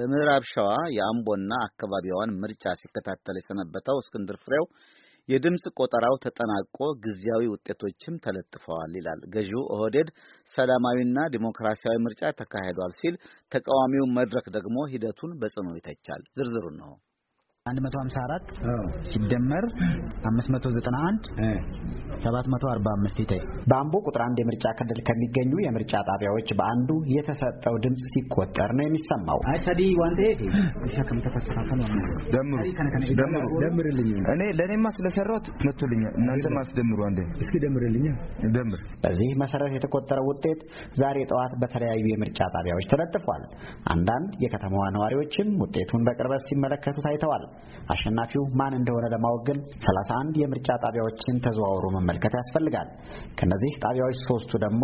በምዕራብ ሸዋ የአምቦና አካባቢዋን ምርጫ ሲከታተል የሰነበተው እስክንድር ፍሬው የድምፅ ቆጠራው ተጠናቆ ጊዜያዊ ውጤቶችም ተለጥፈዋል ይላል። ገዢው ኦህዴድ ሰላማዊና ዲሞክራሲያዊ ምርጫ ተካሂዷል ሲል፣ ተቃዋሚው መድረክ ደግሞ ሂደቱን በጽኑ ይተቻል። ዝርዝሩን ነው 154 ሲደመር 591 745 ይታይ። በአምቦ ቁጥር አንድ የምርጫ ክልል ከሚገኙ የምርጫ ጣቢያዎች በአንዱ የተሰጠው ድምፅ ሲቆጠር ነው የሚሰማው። ደምርልኝ። እኔ ለእኔማ ስለሰራሁት መቶልኛል። እናንተም አስደምሩ። አንዴ እስኪ ደምርልኛ። ደምር። በዚህ መሰረት የተቆጠረው ውጤት ዛሬ ጠዋት በተለያዩ የምርጫ ጣቢያዎች ተለጥፏል። አንዳንድ የከተማዋ ነዋሪዎችም ውጤቱን በቅርበት ሲመለከቱ ታይተዋል። አሸናፊው ማን እንደሆነ ለማወቅ ግን 31 የምርጫ ጣቢያዎችን ተዘዋውሮ መመልከት ያስፈልጋል። ከነዚህ ጣቢያዎች ሶስቱ ደግሞ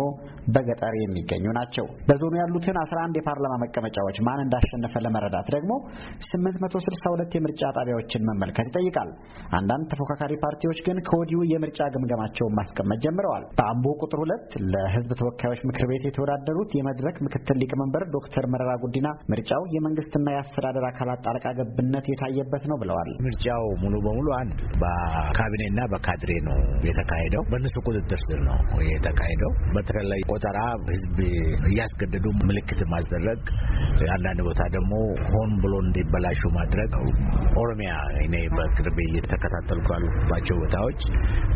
በገጠር የሚገኙ ናቸው። በዞኑ ያሉትን 11 የፓርላማ መቀመጫዎች ማን እንዳሸነፈ ለመረዳት ደግሞ 862 የምርጫ ጣቢያዎችን መመልከት ይጠይቃል። አንዳንድ ተፎካካሪ ፓርቲዎች ግን ከወዲሁ የምርጫ ግምገማቸውን ማስቀመጥ ጀምረዋል። በአምቦ ቁጥር ሁለት ለህዝብ ተወካዮች ምክር ቤት የተወዳደሩት የመድረክ ምክትል ሊቀመንበር ዶክተር መረራ ጉዲና ምርጫው የመንግስትና የአስተዳደር አካላት ጣልቃ ገብነት የታየበት ያለበት ነው ብለዋል። ምርጫው ሙሉ በሙሉ አንድ በካቢኔና በካድሬ ነው የተካሄደው። በእነሱ ቁጥጥር ስር ነው የተካሄደው። በተለይ ቆጠራ ህዝብ እያስገደዱ ምልክት ማስደረግ፣ አንዳንድ ቦታ ደግሞ ሆን ብሎ እንዲበላሹ ማድረግ ኦሮሚያ እኔ በቅርቤ እየተከታተሉ ባሉባቸው ቦታዎች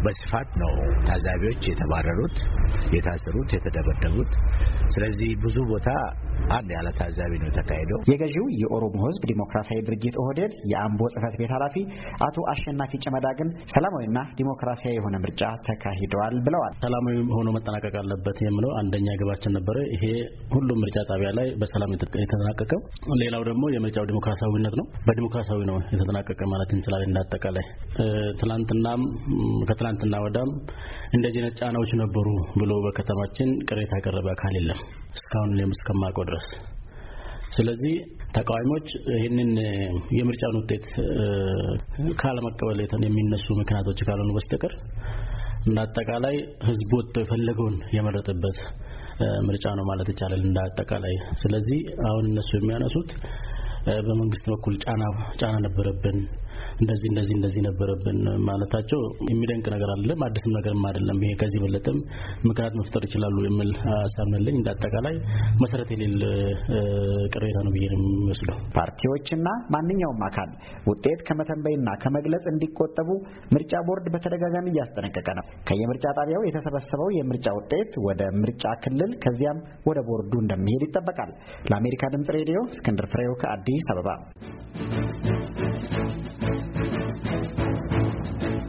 በስፋት ነው ታዛቢዎች የተባረሩት፣ የታሰሩት፣ የተደበደቡት። ስለዚህ ብዙ ቦታ አንድ ያለ ታዛቢ ነው የተካሄደው። የገዢው የኦሮሞ ህዝብ ዲሞክራሲያዊ ድርጅት ኦህዴድ የአምቦ ጽህፈት ቤት ኃላፊ አቶ አሸናፊ ጨመዳ ግን ሰላማዊና ዲሞክራሲያዊ የሆነ ምርጫ ተካሂደዋል ብለዋል። ሰላማዊ ሆኖ መጠናቀቅ አለበት የምለው አንደኛ ግባችን ነበረ። ይሄ ሁሉም ምርጫ ጣቢያ ላይ በሰላም የተጠናቀቀ፣ ሌላው ደግሞ የምርጫው ዲሞክራሲያዊነት ነው። በዲሞክራሲያዊ ነው የተጠናቀቀ ማለት እንችላለን። እንዳጠቃላይ ትናንትናም ከትናንትና ወዳም እንደዚህ ነጫናዎች ነበሩ ብሎ በከተማችን ቅሬታ ያቀረበ አካል የለም እስካሁን እኔም እስከማውቀው ድረስ። ስለዚህ ተቃዋሚዎች ይህንን የምርጫውን ውጤት ካለመቀበል የሚነሱ ምክንያቶች ካልሆኑ በስተቀር እንደ አጠቃላይ ህዝቡ ወጥቶ የፈለገውን የመረጠበት ምርጫ ነው ማለት ይቻላል እንደ አጠቃላይ። ስለዚህ አሁን እነሱ የሚያነሱት በመንግስት በኩል ጫና ጫና ነበረብን፣ እንደዚህ እንደዚህ እንደዚህ ነበረብን ማለታቸው የሚደንቅ ነገር አይደለም፣ አዲስም ነገርም አይደለም። ይሄ ከዚህ በለጠም ምክንያት መፍጠር ይችላሉ የሚል ሀሳብ እንደ አጠቃላይ መሰረት የሌለ ቅሬታ ነው ብዬ ነው የሚወስደው። ፓርቲዎችና ማንኛውም አካል ውጤት ከመተንበይና ከመግለጽ እንዲቆጠቡ ምርጫ ቦርድ በተደጋጋሚ እያስጠነቀቀ ነው። ከየምርጫ ጣቢያው የተሰበሰበው የምርጫ ውጤት ወደ ምርጫ ክልል ከዚያም ወደ ቦርዱ እንደሚሄድ ይጠበቃል። ለአሜሪካ ድምጽ ሬዲዮ እስክንድር ፍሬው ከአዲስ አዲስ አበባ